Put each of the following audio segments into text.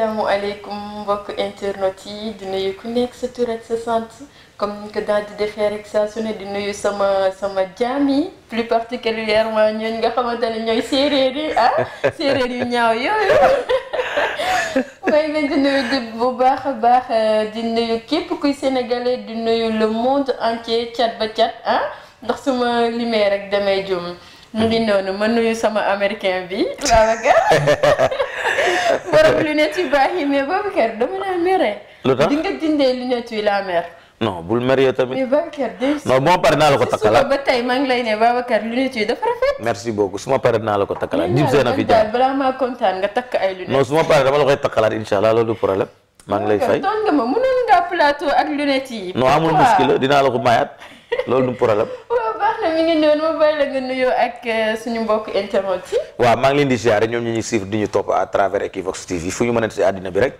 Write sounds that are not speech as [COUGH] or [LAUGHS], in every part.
asalaamaaleykum mbokk internet yi di nuyu ku nekk sa tur sa sant comme ni ko daal di defee rek saa su di nuyu sama sama jaam yi plus particulièrement ñooñu nga xamante ne ñooy séeréer yi ah, [LAUGHS] séeréer yu ñaaw yooyu [LAUGHS] may leen di nuyu di bu baax a baax euh, di nuyu képp kuy sénégalais di nuyu le monde entier cat ba cat ah ndax suma limee rek damay jum mu ngi noonu ma nuyu sama américain bi Babacar [LAUGHS] borom lunette yu baax yi mais Babacar dama laa mere. lu tax di nga dindee lunette yi laa mer. non bul mer yow tamit. mais Babacar de. non bu ma paree naa la ko takkala suba ba tey maa ngi lay ne Babacar lunette yi dafa rafet. merci beaucoup su ma paree naa la ko takkala. jib seen a fi jaar balaa maa kontaan nga takk ay lunettes. non su ma paree dama la koy takkalaat incha allah loolu du problème. maa ngi lay fay Babacar toog nga ma mënoon ngaa plateau ak lunettes yi. non amul muskila dinaa la ko mayaat. [LAUGHS] loolu du problème. waaw baax na mi ngi noonu ma bàyyi la nga nuyoo ak euh, suñu mbokk internet yi. waaaa maa ngi leen di ziare ñoom ñu ñuy suivre di ñu topp à travers Equivox TV fu ñu mën a si àddina bi rek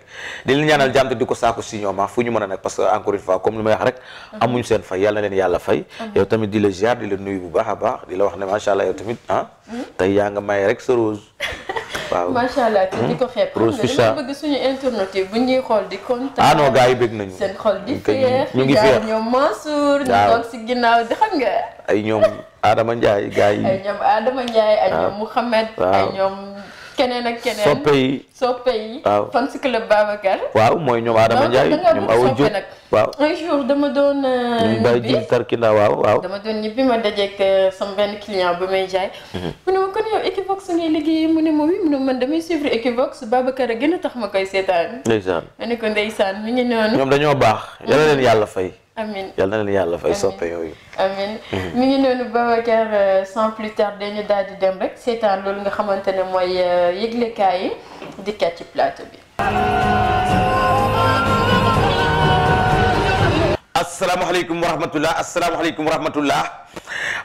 di leen ñaanal jàmm te ko saako si ñoom ah, fu ñu mën a nag parce que encore une fois comme li may wax rek mhm. amuñu seen fay yàlla na leen yàlla fay mhm. yow tamit di la ziar di la nuyu bu baax a baax di la wax ne macha allah yow tamit ah mhm. te yaa nga may rek sa rose waaw macha allah te di ko xeeb. Hmm? Rose Ficha xam nga bëgg suñu alternative bu ñuy xool di kontaan. ah non gars yi bëgg nañu. seen xool di feex ñu ngi feex ñoom Mansour. ñu toog si ginnaaw di xam nga. ay ñoom Adama Ndiaye gars yi. ay ñoom Adama Ndiaye ay ñoom Mouhamed ay ñoom. keneen ak keneen soppe yi soppe yi waaw fan si club Babacar waaw mooy ñoom Adama Ndiaye ñoom Awa waaw un jour dama doon euh, bay jil tarkinda waaw waaw dama doon ñibbi ma dajeeg euh, sama benn client ba may jaay mhm. mu ne ma kon yow Equivox ngay liggéey mu ne ma oui mu ne man damay suivre Equivox Babacar a gën a tax ma koy seetaan ndeysaan ma ne ko ndeysaan mi ngi noonu ñoom dañoo baax yàlla leen mhm. yàlla fay amiin yal na leen yàlla fay soppe yooyu. amiin mm-hmm. mi ngi noonu Babacar euh, sans plus tarder dañu daal di dem rek seetaan loolu nga xamante ne mooy euh, yëglekaay yi dikkaat ci plateau bi. asalaamaaleykum wa rahmatulah asalaamaaleykum wa rahmatulah.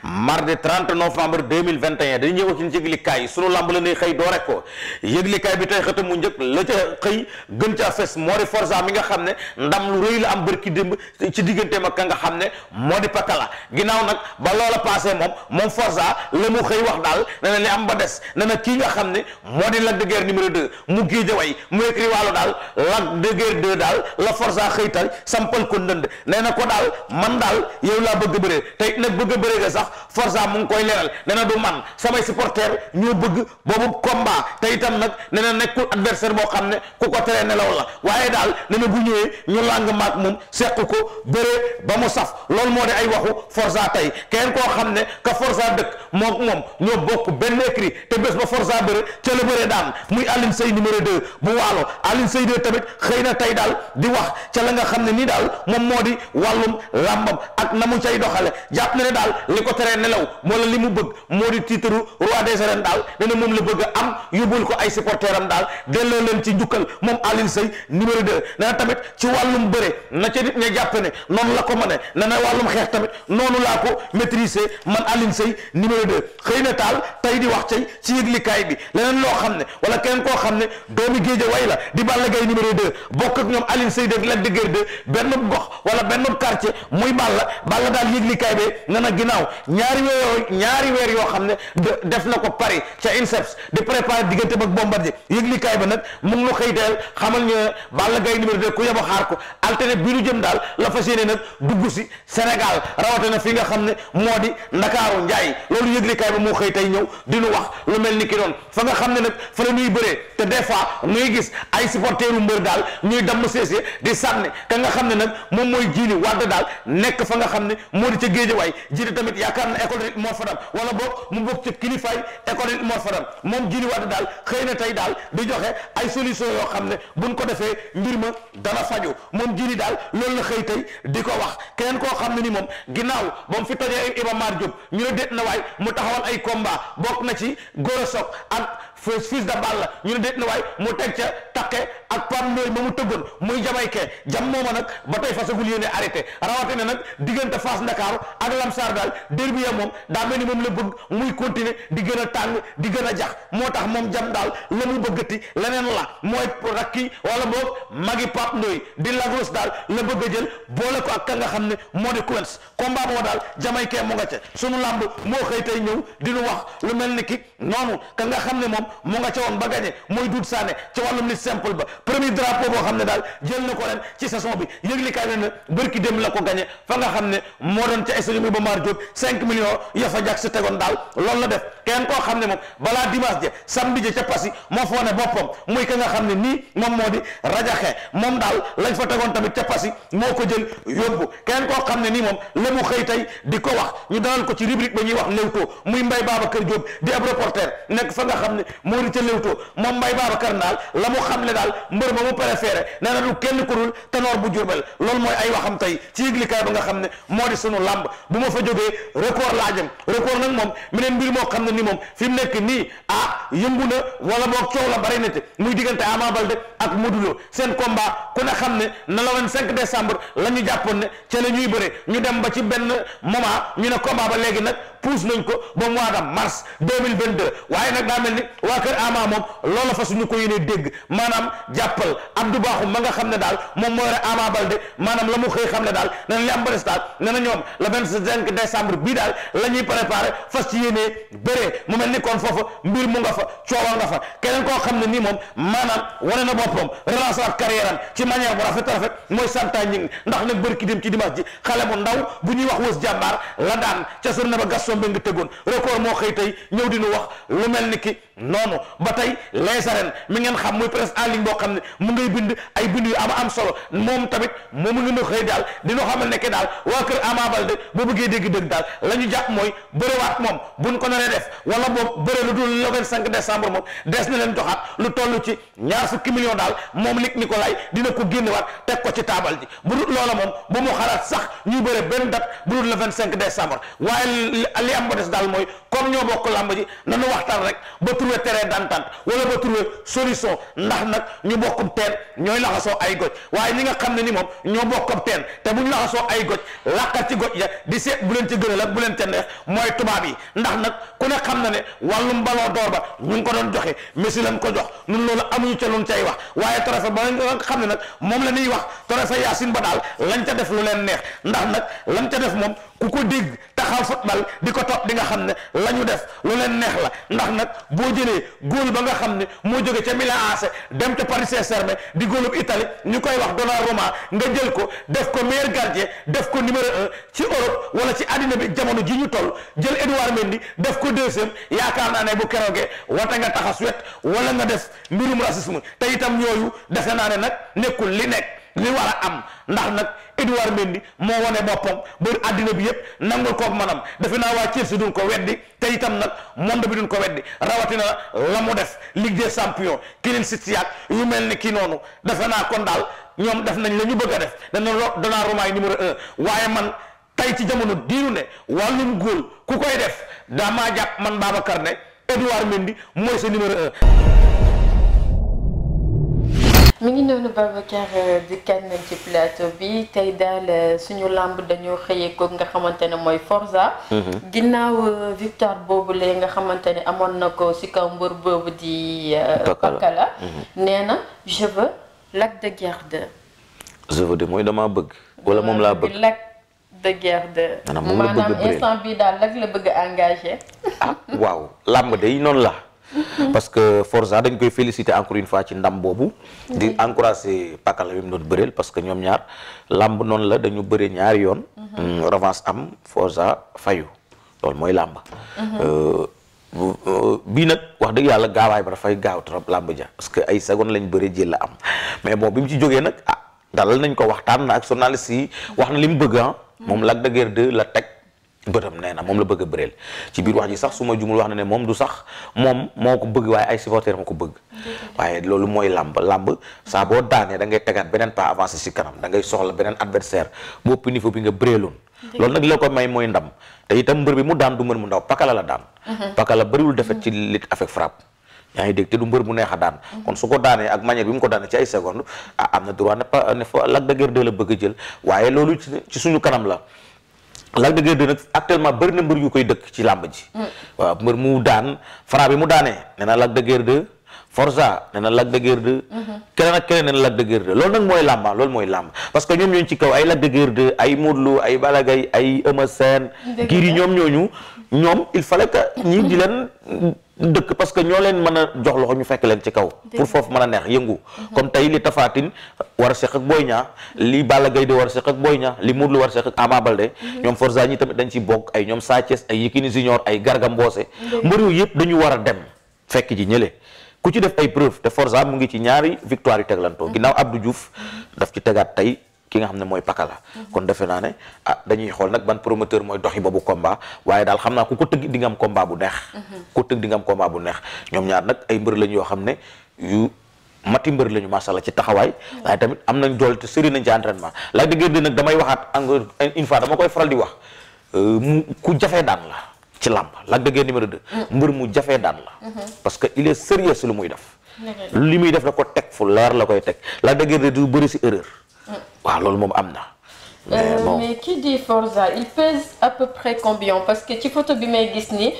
mardi 30 novembre 2021 dañu ñëw ci yëglikaay yi sunu lamb la ne xëy doo rek ko yëglikaay bi tey xëtam mu njëkk la ca xëy gën caa fes moo di Forza mi nga xam ne ndam lu rëy la am bërki démb ci digganteem ak ka nga xam ne moo di pakala ginnaaw nag ba loola passé moom moom Forza la mu xëy wax daal ne na li am ba des ne na kii nga xam ne moo di Lac de Guiers numéro 2 mu géej way mu écrit waalo daal Lac de daal la forsa xëy tal sampal ko ndënd nee na ko daal man daal yow laa bëgg a bëree tey bëgg a bëree sax Forza mu ngi koy leeral nee na du man samay supporter ñoo bëgg boobu combat te itam nag nee na nekkul adversaire boo xam ne ku ko teree nelaw la waaye daal nee na bu ñëwee ñu làng maak moom seq ko bëree ba mu saf loolu moo di ay waxu Forza tey kenn koo xam ne ka Forza dëkk moom moom ñoo bokk benn écrit te bés ba Forza bëre ca la bëre daan muy Alioune Seye numéro 2 bu waalo Alioune Seye 2 tamit xëy na tey daal di wax ca la nga xam ne nii daal moom moo di wàllum làmbam ak na mu teree nelaw moo la li mu bëgg moo di tiitaru roi des daal ne na moom la bëgg a am yóbbul ko ay supporter am daal delloo leen ci njukkal moom Alioune Seye numéro 2 nee na tamit ci wàllum bëre na ca nit ña jàpp ne noonu la ko ma ne na wàllum xeex tamit noonu laa ko maîtriser man Alioune Seye numéro 2 xëy na taal tey di wax cay ci yëglikaay bi leneen loo xam ne wala keneen koo xam ne doomi géeja way la di Balla Gaye numéro 2 bokk ñoom Alioune Seye def Lac de Guiers 2 benn gox wala benn quartier muy Balla Balla daal yëglikaay bi ne na ginnaaw ñaari weer ñaari weer yoo xam ne def na ko Paris ca INSEPS di préparer diggante ak Bombardier yëglikaay ba nag mu ngi nu xëy teel xamal ñu ne Balla Gaye numéro ko ku yebo xaar ko alterné bi ñu jëm daal la fas yéene nag dugg si Sénégal rawatina fi nga xam ne moo di Ndakaaru Njaay loolu yëglikaay ba moo xëy tey ñëw di wax lu mel ni ki doon fa nga xam ne nag fa la ñuy bëree te des fois ngay gis ay supporteru mbër daal ñuy damm séesee di sànni ka nga xam ne nag moom mooy jiili wàdd daal nekk fa nga xam ne moo di ca géejawaay jiili tamit yaakaar na école rit Mor Fadam wala boog mu bokk ci kilifaay école rit Mor Fadam moom Jili Wade daal xëy na tey daal di joxe ay solution yoo xam ne buñ ko defee mbir ma dana faju moom Jili daal loolu la xëy tey di ko wax keneen koo xam ne ni moom ginnaaw ba fi tojee Iba Mar Diop ñu ne déet na waay mu taxawal ay combat bokk na ci Gora Sock ak fils fils de Balla ñu ne déet na waay mu teg ca taqe ak Pape Ndoye ma mu tëggoon muy jamaykee jam mooma nag ba tey fasagul yéene arrêté rawate ne nag diggante Fass Ndakaaru ak Lamsar daal derby moom daa mel ni moom la bëgg muy continuer di gën a tàng di gën a jax moo tax moom jam daal la mu bëggati leneen la mooy rakki wala boog magi Pape Ndoye di lagros daal la bëgg a jël boole ko ak ka nga xam ne moo di Quench combat boo daal jamaykee mu nga ca sunu làmb moo xëy tey ñëw di nu wax mu nga ca woon ba gagné mooy Doudou Sané ca wàllum li simple ba premier drapeau boo xam ne daal jël na ko ren ci saison bi yëgle kaay na ne bërki dem la ko gagné fa nga xam ne moo doon ca stade Iba Mar Diop 5 millions ya fa jag si la def kenn koo xam ne moom balaa dimanche ja samedi ja ca Passy moo foone boppam muy ka nga xam ne nii moom moo di rajaxe moom daal lañ fa tegoon tamit ca Passy moo ko jël yóbbu kenn koo xam ne nii moom la mu xëy tey di ko wax ñu dalal ko ci rubrique ba ñuy wax Leewtoo muy Mbaye Babacar Diop di ab reporter nekk fa nga xam ne moo di ca Leewtoo moom Mbaye Babacar daal la mu xam ne daal mbër ba mu préféré nee na du kenn ku dul Tanor bu Diourbel loolu mooy ay waxam tey ci yëglikaay ba nga xam ne moo di sunu làmb bu ma fa jógee record laa jëm record nag moom meneen mbir moo xam ne ni moom fi mu nekk nii ah yëngu na wala boog coow la bari na te muy diggante Ama Baldé ak Modou Lo seen combat ku ne xam ne na la 25 décembre la ñu jàppoon ne ca la ñuy bëre ñu dem ba ci benn moment ñu ne combat ba léegi nag pousse nañ ko ba mois de mars 2022 waaye nag daa mel ni waa kër Ama moom loola fa suñu ko yéene dégg maanaam jàppal Abdou Bakhoum ma nga xam ne daal moom moo yore Ama Baldé maanaam la mu xëy xam ne daal nee na li am ba des daal nee bii daal la ñuy préparé fas ci yéene bëree mu mel ni kon foofu mbir mu nga fa coowal nga fa keneen koo xam ne nii moom maanaam wane na boppam relancer waat carrière am ci manière bu rafet rafet mooy santaa ñi ndax nag ci dimanche bu ndaw Gaston Mbengue tëggoon record moo xëy tey ñëw di nu wax lu mel ni ki noonu ba tey les arènes mi ngeen xam muy presse en boo xam ne mu ngay bind ay bind yu ama am solo moom tamit moom ngi na xëy daal dina xamal ne ke daal waa kër Ama Baldé boo bëggee dégg dëgg daal la ñu jàpp mooy bëriwaat moom buñ ko naree def wala boobu bëri lu dul le vingt cinq décembre moom des na leen joxaat lu toll ci ñaar fukki million daal moom lig Nicolay dina ko génnewaat teg ko ci taabal ji bu dul loola moom bu mu xalaat sax ñuy bëre benn date bu dul le vingt cinq décembre waaye li am ba daal mooy comme ñoo bokk làmb ji nanu waxtaan trouver terrain d'entente wala ba trouver solution ndax nag ñu bokkum teen ñooy laxasoo ay goj waaye ñi nga xam ne ni moom ñoo bokkum teen te bu ñu laxasoo ay goj làqal ci goj ya di seet bu leen ci gënal ak bu leen ca neex mooy tubaab yi ndax nag ku ne xam na ne wàllum ballon d'or ba ñu ngi ko doon joxe Messi lañ ko jox ñun loolu amuñu ca luñ cay wax waaye trophée ba nga xam ne nag moom la ñuy wax trophée Yacine ba daal lañ ca def lu leen neex ndax nag ku ko dégg taxaw football di ko topp di nga xam ne la ñu def lu leen neex la ndax nag boo jëlee góol ba nga xam ne moo jóge ca Milan AC dem ca Paris Saint-Germain di góolub Italie ñu koy wax Donnarumma nga jël ko def ko meilleur gardien def ko numéro un ci Europe wala ci àddina bi jamono ji ñu toll jël Edouard Mendy def ko deuxième yaakaar naa ne bu keroogee wata nga taxas wet wala nga def mbirum racisme te itam ñooyu defe naa ne nag nekkul li nekk li war a am ndax nag Edouard Mendy moo wane boppam ba àddina bi yëpp nangul koog manam defe naa waa Chelsea duñ ko weddi te itam nag monde bi duñ ko weddi rawatina la mu def Ligue des champions Clean si ak yu mel ni kii noonu defe naa kon daal ñoom def nañ la ñu bëgg a def dana Donnarumma numéro un waaye man tey ci jamono diiru ne wàllum góol ku koy def daamaa jàpp man Babacar ne Edouard Mendy mooy sa numéro un. mi ngi noonu Babacar euh, di kan nañ ci plateau bi tey daal euh, suñu làmb dañoo xëyee ko nga xamante ne mooy Forza. Mhm. ginnaaw euh, victoire boobu lee nga xamante ne amoon na ko si kaw mbër boobu di. Pakala mhm. nee na je veux Lac de Guiers 2. de mooy dama bëgg. wala moom laa bëgg Lac de Guiers 2. instant bii daal Lac la bëgg engagé. ah waaw làmb day noonu la. Mhm. parce que Forza dañ koy féliciter encore une fois ci ndam boobu. di encourager la bi mu doon bëreel parce que ñoom ñaar làmb noonu la dañu bëre ñaari yoon. Mhm. Mm, revanche am Forza fayu loolu mooy làmb. Mhm. Euh, euh, bii nag wax dëgg yàlla gaawaay ba dafay gaaw trop làmb ja parce que ay seconde lañ bëre jël la am mais bon bi mu ci jógee nag ah dalal nañ ko waxtaan na ak journaliste yi wax na li mu bëgg ah. moom Lac de Guiers 2 la teg. bëtam nee na moom la bëgg a bëreel ci biir wax ji sax su ma jumul wax na ne moom du sax moom moo ko bëgg waaye ay supporters ma ko bëgg boo da ngay tegaat da ngay te itam mbër bi mu daan du mbër mu ndaw pakala la daan mhm. pakala bëriwul defet ci lit avec frappe yaa ngi dégg te du mbër a daan mhm. kon su ko daanee ak manière bi mu ko daanee ci ay seconde ah ne pa ne fa Lac de Guiers 2 la bëgg a jël waaye loolu ci suñu kanam la Lac de Guiers 2 nag actuellement bëri na mbër yu koy dëkk ci làmb ji. Hmm. waaw mbër mu daan Fra bi mu daanee nee na Lac de Guiers 2 Forza nee na Lac de Guiers 2. Hmm. keneen ak keneen nee na Lac de loolu nag mooy làmba loolu mooy làmb parce que ñoom ñooñu ci kaw ay Lac de Guiers 2 ay Modou Lô ay Balla Gaye ay Eumeu Sène. dëgg la ñoom ñooñu ñoom il fa que ñii di leen. dëkk parce que ñoo leen mën a jox loxo ñu fekk leen ci kaw pour foofu mën a neex yëngu comme mhm. tey li tafaatin war a seq ak Boy Niang li Balla Gaye de war a seq ak Boy Niang li Modou Lo war a seq ak Ama Baldé mhm. ñoom dañ ci bokk ay ñoom Sa Thiès ay Yékini Junior ay Garga Mbossé mbër yu yëpp dañu war a dem fekk ji ñële ku ci def ay preuve te Forza mu ngi ci ñaari victoire yu teglantoo mhm. ginnaaw Abdou Diouf daf ci tegaat tey ki nga xam ne mooy la kon defe naa ne ah dañuy xool nag ban promoteur mooy doxi boobu komba waaye daal xam naa ku ko tëgg di nga am combat bu neex ku tëgg di nga am combat bu neex ñoom ñaar nag ay mbër lañ yoo xam ne yu mati mbër lañu macha la ci taxawaay waaye tamit am nañ doole te sëri nañ ci entraînement lay dëgg di nag damay waxaat encore une fois dama koy faral di wax euh, ku jafee daan la ci làmb Lac de Guiers mbër mu jafe daan la parce que il est sérieux lu muy def li muy def da ko teg fu leer la koy teg Lac de Guiers du bëri si erreur waaw loolu moom am na. Euh, mais qui dit Forza il pèse à peu près combien parce que ci photo bi may gis nii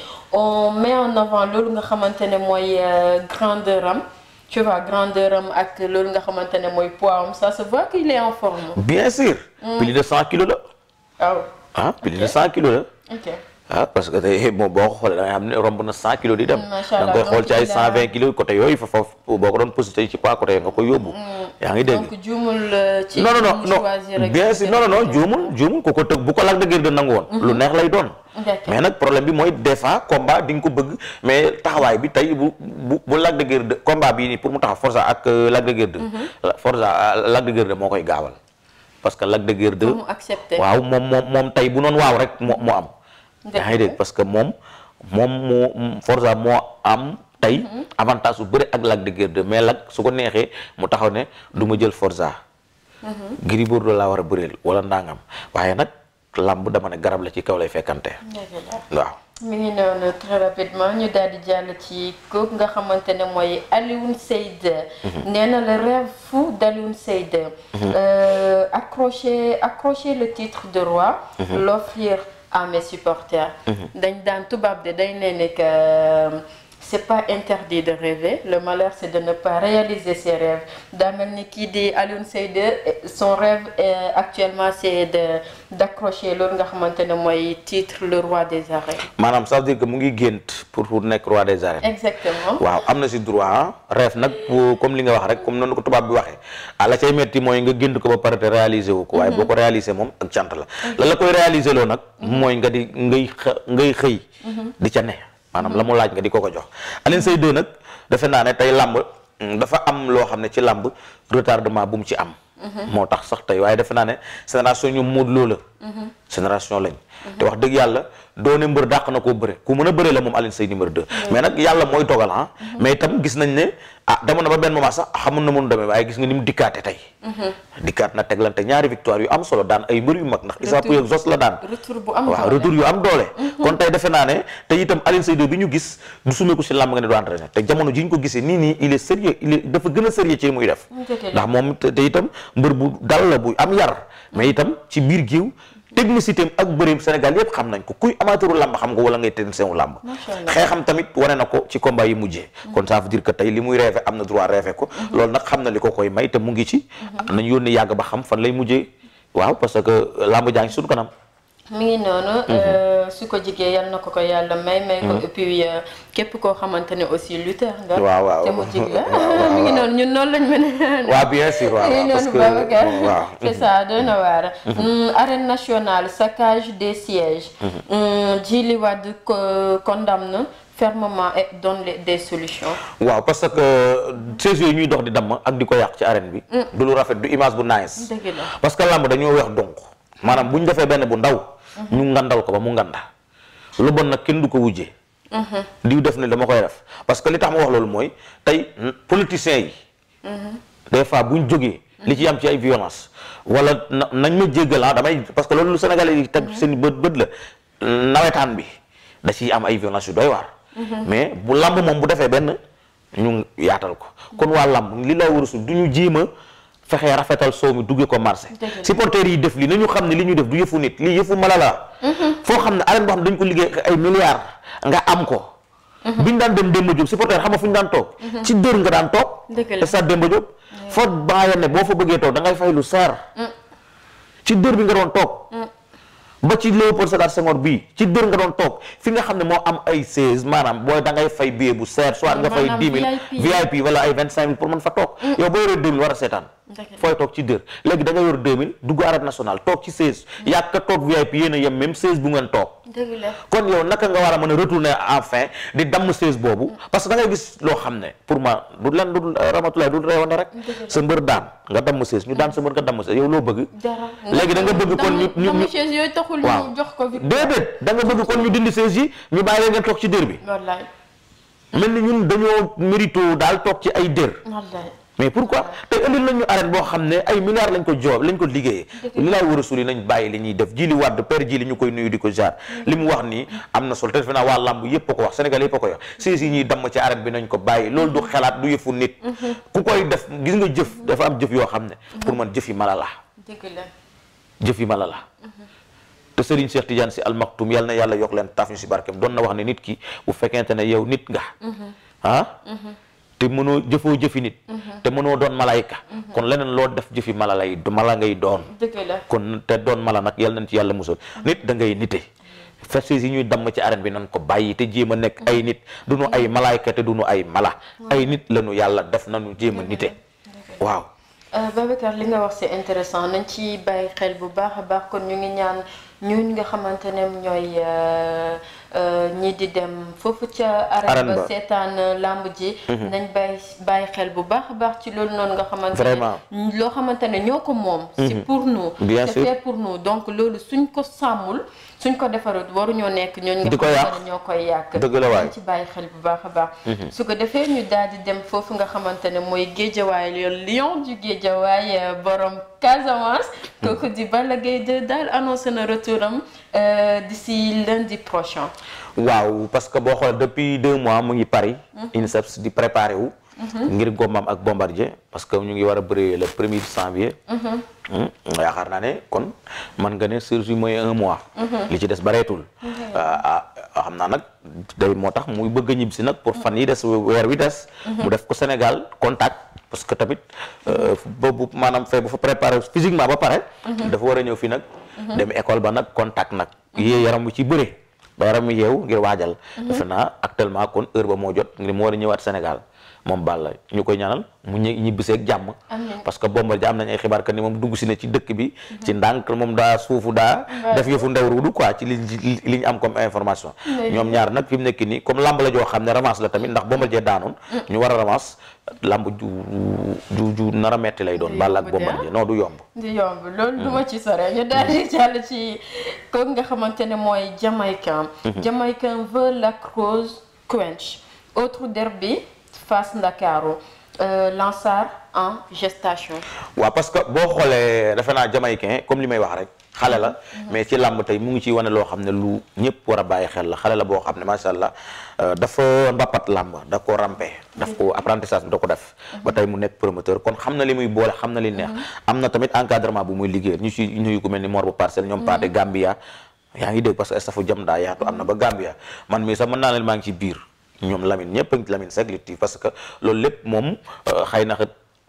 met en avant loolu nga xamante ne mooy euh, grandeur am tu vois grandeur am ak loolu nga xamante ne mooy poids am ça se voit qu'il est en forme. bien sûr. Mm. plus de 100 kilos ah parce que te moom boo ko xoolee da nga xam ne romb na cent kilo di dem mm, da nga koy xool ci ay cent vingt kilos côté yooyu fa foofu boo ko doon posité ci poids côté nga koy yóbbu mm. yaa ngi dégg donc juumul euh, ci non non non bien sûr non non non juumul ku ko tëg bu ko Lac de Guiers nangu woon lu mm-hmm. neex lay doon mais nag problème bi mooy des fois combat di nga ko bëgg mais taxawaay bi tey bu bu bu Lac de Guiers combat bii nii pour mu taxaw sa ak euh, Lac de Guiers mm-hmm. euh, de Forza Lac moo koy gaawal parce que Lac de Guiers de waaw moom moom tey bu noonu waaw rek moo moo am yaa ngi dégg parce que moom moom moo Forza moo am tey mm-hmm. avantage bu ak Lac de Guiers 2 mais Lac su ko neexee mu taxaw ne du ma jël Forza mm-hmm. Gris Bordeaux laa war a bëreel wala ndangam waaye nag lamb dama ne garab la ci kaw lay fekkante waaw mi ngi noonu très rapidement ñu daal jàll ci kooku nga xamante ne mooy Alioune Seyde. Mm-hmm. nee na le rêve fou d'Alioune Seyde. accrocher euh, accrocher le titre de roi. l'offrir à mes supporters. Mhm. dañ daan tubaab de day ne nekk euh, c'est pas interdit de rêver le malheur c'est de ne pas réaliser ses rêves daa ni kii di Alioune Seye son rêve actuellement c'est de d'accrocher loolu nga xamante ne mooy titre le roi des arènes. maanaam ça veut que mu ngi gént pour pour nekk roi des arènes. waaw am na si droit ah. rêve nag comme li nga wax rek comme noonu ko tubaab bi waxee ah la cay metti mooy nga gént ko ba pare te réaliser wu ko waaye mhm. boo ko réaliser moom ak cant la la loo nag mhm. mooy nga di ngay maanaam la mu laaj nga di ko ko jox Alioune Seye 2 nag defe naa ne tey làmb mm, dafa am loo xam ne ci làmb retardement bu mu ci am mhm. moo tax sax tey waaye defe naa ne génération ñu Modou Lo la mhm. génération lañ te wax dëgg yàlla doone mbër dàq na koo bëre ku mën a bëre la moom Alioune Seye numéro 2 mm-hmm. mais nag yàlla mooy dogal ah mm-hmm. mais itam gis nañ ne ah demoon na ba benn moment sax xamun na mun demee waaye gis nga ni mu dikkaate tey mm-hmm. dikkaat na teglante ñaari victoire yu am solo daan ay mbër yu mag ndax Issa Pouye ak Zos la daan waaw retour yu am doole kon tey defe naa ne te itam Alioune Seye 2 bi ñu gis du sumee ko si làmb nga ne du entraîné te jamono ji ñu ko gisee nii nii il est sérieux il est dafa gën a sérieux ci muy def ndax moom te itam mbër bu dal la bu am yar mais itam ci biir géew technicité am ak bëreem Sénégal yëpp xam nañ ko kuy amateuru làmb xam nga wala ngay technicien wu làmb xeexam tamit wane na ko ci combat yi mujjee mm-hmm. kon ça veut dire que tey li muy rêvé am na droit rêvé ko mm-hmm. loolu nag xam na li ko koy may te mu ngi ci mm-hmm. nañ yónni yàgg ba xam fan lay mujjee waaw parce que làmb jaa ngi kanam mi ngi noonu. Mhm. Euh, su ko jigee yal na ko ko yàlla may. may ko mhm. et euh, képp koo xamante ne aussi lutteur nga. waaw waaw te mu jig la [LAUGHS] mi ngi noonu ñun noonu lañ mën a. [LAUGHS] waaw bien sûr waaw parce que waaw [LAUGHS] c'est ça mhm. doy na waar. Mm, arène nationale saccage des sièges. Mm, Djily Wade condamne fermement et des solutions. waaw parce que sièges yooyu ñuy dox di damm ak di ko yàq ci arène bi. Mm. du lu rafet du image bu nice. dëgg parce que làmb dañoo weex donc maanaam bu ñu defee benn bu ndaw. ñu ngandal ko ba mu nganda lu bon nag kenn du ko wujjee diw def ne dama koy def parce que li tax ma wax loolu mooy tey politiciens yi des fois buñ jógee li ci am ci ay violence wala nañ ma jéggal la damay parce que loolu lu Sénégalais yi teg seen bët bët la nawetaan bi da ciy am ay violence yu doy waar mais bu làmb moom bu defee benn ñu yaatal ko kon waa làmb li laa warasul du ñu jéema fexee rafetal soow mi duggee ko marché supporters yi def li nañu xam ne li ñu def du yëfu nit lii yëfu mala mm-hmm. foo xam ne arène boo xam ne dañ ko liggéey ay milliards nga am ko mm-hmm. bi ñu daan dem Demba Diop supporter xam nga fu ñu daan toog mm-hmm. ci dër nga daan toog stade Demba Diop foo baaye ne boo fa bëggee toog da ngay fay lu seer mm. ci dër bi nga doon toog mm. ba ci Léopold Sédar Senghor bi ci dër nga doon toog fi nga xam ne moo am ay seize maanaam booy da ngay fay billet bu seer so nga mm, fay dix mille VIP ay vingt cinq mille fa toog a seetaan fooy toog ci dër léegi da war yor 2000 dugg arène national toog ci 16. Mm. yàgg ka toog VIP yéen a yem même 16 bu ngeen toog. kon yow naka nga war a mën a retourner en fin di damm sais boobu. Mm. parce que da ngay gis loo xam ne pour ma du len du ramatulaay du reewande rek. sa mbër daan nga damm 16 ñu daan sa mbër nga damm 16 yow loo bëgg. léegi da nga bëgg kon ñu ñu ñu yooyu taxul ñu jox ko. déedéet da nga bëgg kon ñu dindi 16 yi ñu bàyyi leen ngeen toog ci dër bi. wallaay mel ni ñun dañoo mérito daal toog ci ay dër. wallaay mais pourquoi tey indil nañ ñu boo xam ne ay milliards lañ ko joob lañ ko liggéeyee li laay war a suuli nañ bàyyi li ñuy def ji li wàdd père ji li ñu koy nuyu di ko jaar li mu wax nii am na solo te defe naa waa làmb yépp a ko wax Sénégal yépp a ko wax mm-hmm. siis yi ñuy damm ko bàyyi loolu du xalaat du yëfu nit mm-hmm. ku koy def gis nga jëf dafa am jëf yoo xam ne mm-hmm. pour man jëf yi mala la jëf yi mala la te Serigne Cheikh Tidiane si almaktum yàlla na yàlla yokk leen taaf ñu si barkeem doon na wax ne nit ki bu fekkente ne yow nit nga ah? te mënoo jëfoo jëfi nit mhm. te mënoo doon malayka mhm. kon leneen loo def jëfi mala lay mala ngay doon kon te doon mala nag yàlla nañ ci yàlla musal mhm. nit da ngay nite fesses yi ñuy damm ci arène bi nan ko bàyyi te jéem a nekk ay nit du nu ay malayka te du nu ay mala ay nit la nu yàlla def nañu jéem a nite waaw euh, Babacar li nga wax c'est intéressant nañ ci bàyyi xel bu baax a baax kon ñu ngi ñaan ñooñu nga xamante ñooy euh, Euh, ñi di dem foofu ca arène ba seetaan euh, lamb ji mhm. nañ bàyyi bàyyi xel bu baax a baax ci loolu noonu nga xamante ne loo xamante ne ñoo ko moom c'est mhm. pour nous c'est fait pour nous donc loolu suñ ko sàmmul suñ ko defarut waruñoo nekk ñooñ nga xamante ne ñoo koy yàq dëgg la waay ci bàyyi xel bu baax a baax mhm. su ko defee ñu daal di dem nga xamante ne mooy géejawaay loolu lion du géejawaay euh, borom Casamance kooku di Balla Gaye 2 daal annoncé na retour am Euh, d'ici lundi prochain. waaw parce que boo xoolee depuis deux mois mu ngi Paris. Mhm. INSEPS di préparé wu. Mhm. ngir gombam ak bombardier parce que ñu ngi war a bëri le premier janvier. Mhm. Hmm, yaakaar naa ne kon man nga ne surtout mooy un mois. li ci des bareetul. Ah, ah, xam naa nag day moo tax muy bëgg a ñibbisi nag pour fan yi des weer wi des. mu def ko Sénégal contact parce que tamit boobu euh, maanaam fee bu fa préparé physiquement ba pare. dafa war a ñëw fii nag. Mm-hmm. dem école ba nag contact nag mm-hmm. yée yaram ci bëre ba yaram yeew ngir waajal mm-hmm. defe naa actuellement kon heure ba moo jot ngir moo war a ñëwaat Sénégal moom Balla ñu koy ñaanal mu ñibbiseeg jàmm parce que Bombardier am nañ ay xibaar que ni moom dugg si ne ci dëkk bi mhm. ci ndànk moom daa suufu daa def yëfu ndew ruudu quoi ci li li ñu am comme information ñoom ñaar nag fi nekk nii comme lamb la joo xam ne revanche la tamit ndax Bombardier daanoon mm. ñu war a revanche lamb ju ju ju nara metti lay doon Balla ak ah. Bombardier non du du yomb loolu du mm. ci sore ñu daal mm. jàll ci kooku nga xamante ne mooy Jamaïcain mm-hmm. Jamaïcain Fass Ndakaaru euh, Lansar en gestation. waa parce que boo xoolee defe naa jamaïcain comme li may wax rek. xale la mhm. mais ci làmb tey mu ngi ci wane loo xam ne lu ñëpp war a bàyyi xel la xale la boo xam ne macha allah euh, dafa mbappat làmb da ko rampe daf ko mhm. apprentissage bi da ko def ba mhm. tey mu nekk promoteur kon xam na li muy boole xam na li neex am na tamit encadrement bu muy liggéey ñu ci nuyu ku mel ni mor bu parcelle ñoom paate Gambia yaa ngi dégg parce que stafu am na ba Gambia man mii sax mën maa ngi ci biir ñoom Lamine ñëpp a ngi Lamine Seck parce que loolu lépp moom euh, xëy na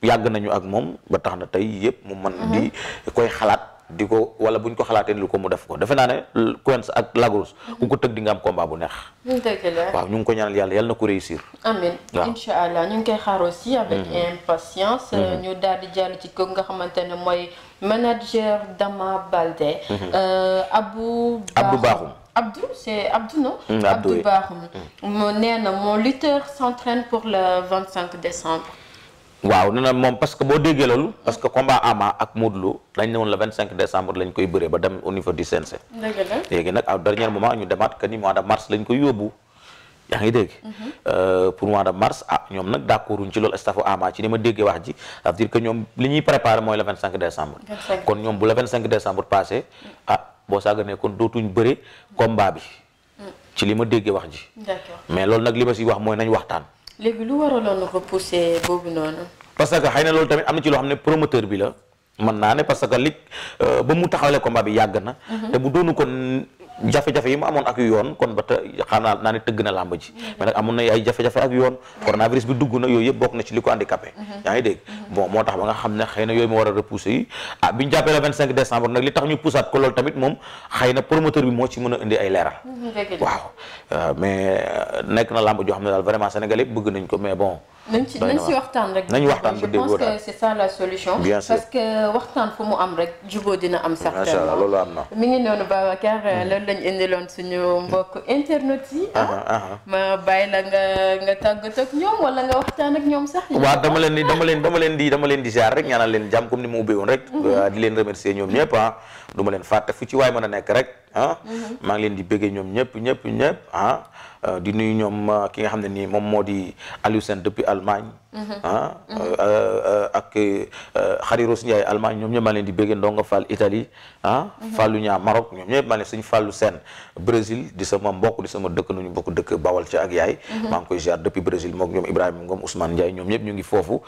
yàgg nañu ak moom ba tax na tey yëpp mu man di mhm. koy xalaat. di ko wala buñ ko xalaatee lu ko mu def ko defe naa ne Quench ak lagos mhm. ku ko tëgg di nga am combat bu neex. waaw ñu ngi ko ñaanal yàlla yàlla na ko réussir. amiin incha allah ñu ngi koy xaar aussi avec mhm. impatience. ñu daal di jàll ci ko nga xamante ne mooy manager Dama Balde. Euh, Abou Abdou Bakhoum. Abdou c'est Abdou non. Mmh, mmh. nee na mon lutteur s'entraîne pour le 25 décembre. waaw nee na moom parce que boo déggee loolu parce que combat Ama ak Modou Lo dañ ne woon le 25 décembre lañ koy bëree ba dem au niveau du CNG. dëgg la léegi nag au dernier moment ñu demaat que ni mois de mars lañ koy yóbbu. yaa ngi dégg. Mmh. Euh, pour mois de mars ah ñoom nag d'accord ci loolu staffu Ama ci ni ma déggee wax ji c'est-à-dire que ñoom li ñuy préparer mooy le 25 décembre. kon ñoom bu le 25 décembre passé ah, boo sàgganee kon dootuñ bëre combat bi. ci li ma déggee wax ji. mais loolu nag li ma si wax mooy nañ waxtaan. léegi lu waraloon repousser boobu noonu. parce que xay na loolu tamit am na ci loo xam ne promoteur bi la. mën naa ne parce que li euh, ba mu taxawalee combat bi yàgg na. Mhm. te bu doonu kon jafe-jafe yi mu amoon ak yoon kon ba te xanaa naa ne tëgg na làmb ji mm-hmm. mais nag amoon na ay jafe-jafe ak yoon mm-hmm. coronavirus bi dugg na yooyu yëpp bokk na ci li ko handicapé mm-hmm. yaa ngi dégg bon moo tax ba nga xam ne xëy na yooyu mu war a repousser yi ah bi ñu jàppee le 25 décembre nag li tax ñu poussaat ko loolu tamit moom xëy na promoteur bi moo ci mën a indi ay leeral waaw euh, mais euh, nekk na làmb joo xam ne daal vraiment sénégalais bëgg nañ ko mais bon nañ ci nañ si waxtaan rek. nañ waxtaan ba déggoo je pense que la solution. bien sûr que waxtaan fu mu am rek jubóo dina am. certainement loolu am na. mi ngi noonu Babacar euh, mm-hmm. loolu lañ indiloon suñu mbokk internet yi. Ah. Uh-huh, uh-huh. ma bàyyi la nga nga tàggatoo ak ñoom wala nga waxtaan ak ñoom sax. dama leen di dama leen dama leen di dama leen di ziar rek ñaanal leen jàmm comme ni ma ubbee rek. Mm-hmm. Euh, di leen remercier ñoom ñëpp a ah. mm-hmm. du ma leen fàtte fu ci waay mën a nekk rek. ah mm-hmm. maa ngi leen di bëggee ñoom ñëpp ñëpp ñëpp ah euh, di nuyu ñoom euh, ki nga xam ne nii moom moo di Aliou Sène depuis Allemagne Mm-hmm. ah mm-hmm. Euh, euh, ak xariros euh, Ndiaye Allemagne ñoom ñëpp maa leen di béggee Ndonga Fall Italie ah mm-hmm. Fallu ñaa Maroc ñoom ñëpp maa leen suñu Fallu Sène Brésil di sama mbokk di sama dëkk nuñu bokk dëkk Bawal ci ak yaay maa koy ziar depuis Brésil moom ñoom Ibrahima Ngom Ousmane Ndiaye ñoom ñëpp ñu ngi foofu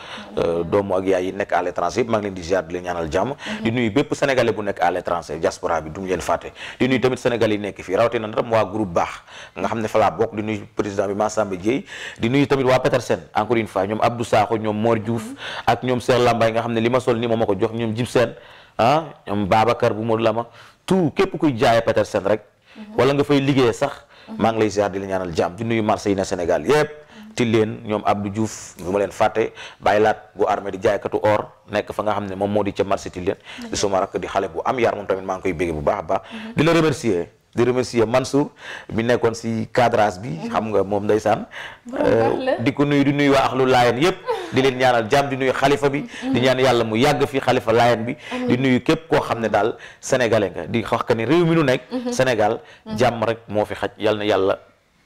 doomu ak yaay yi nekk à l'étranger maa leen di ziar di leen ñaanal jàmm di nuyu bépp sénégalais bu nekk à l'étranger diaspora bi du leen fàtte di nuyu tamit sénégalais yi nekk fii rawatina Abdou Sakho ñoom Mor Diouf ak ñoom Seex Lambaay nga xam ne li ma sol nii moom ma ko jox ñoom Jib Seen ah ñoom Babacar bu Modou Lama tout képp kuy jaayee Petersen rek wala nga fay liggéey sax maa ngi lay ziar di la ñaanal jàmm di nuyu marché yi na Sénégal yépp ti leen ñoom Abdou Diouf bu ma leen fàtte bàyyi laat bu armée di jaaykatu or nekk fa nga xam ne moom moo di ca marché ti leen di suma rakk di xale bu am yar moom tamit maa ngi koy bégge bu baax a di remercier Mansour mi nekkoon si cadrage bi xam nga moom ndeysaan euh, di ko nuyu di nuyu waa axlu laayeen yëpp di leen ñaanal jàmm di nuyu xalifa bi di ñaan yàlla mu yàgg fi xalifa laayeen bi di nuyu képp koo xam ne daal sénégalais nga di wax que ni réew mi nu nekk mhm. Sénégal mhm. jàmm rek moo fi xaj yal yàlla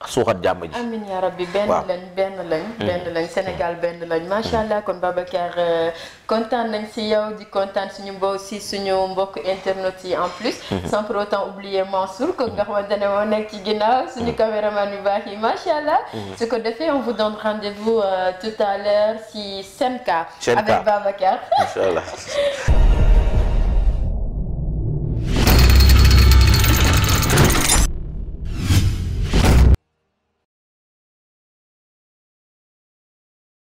suuxat jàmm ji. amiin yaa rabbi benn lañ benn lañ. Hmm. benn Sénégal benn lañ macha allah kon Babacar euh, kontaan nañ si yow di kontaan suñu mbo si suñu mbokk internet yi en plus. Hmm. sans pour autant oublier Mansour ko hmm. nga xamante ne moo ci ginnaaw suñu caméraman yu baax yi macha allah. su ko defee on vous donne rendez-vous euh, tout à l'heure si Senka. avec Babacar. macha [LAUGHS]